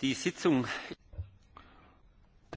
die sitzung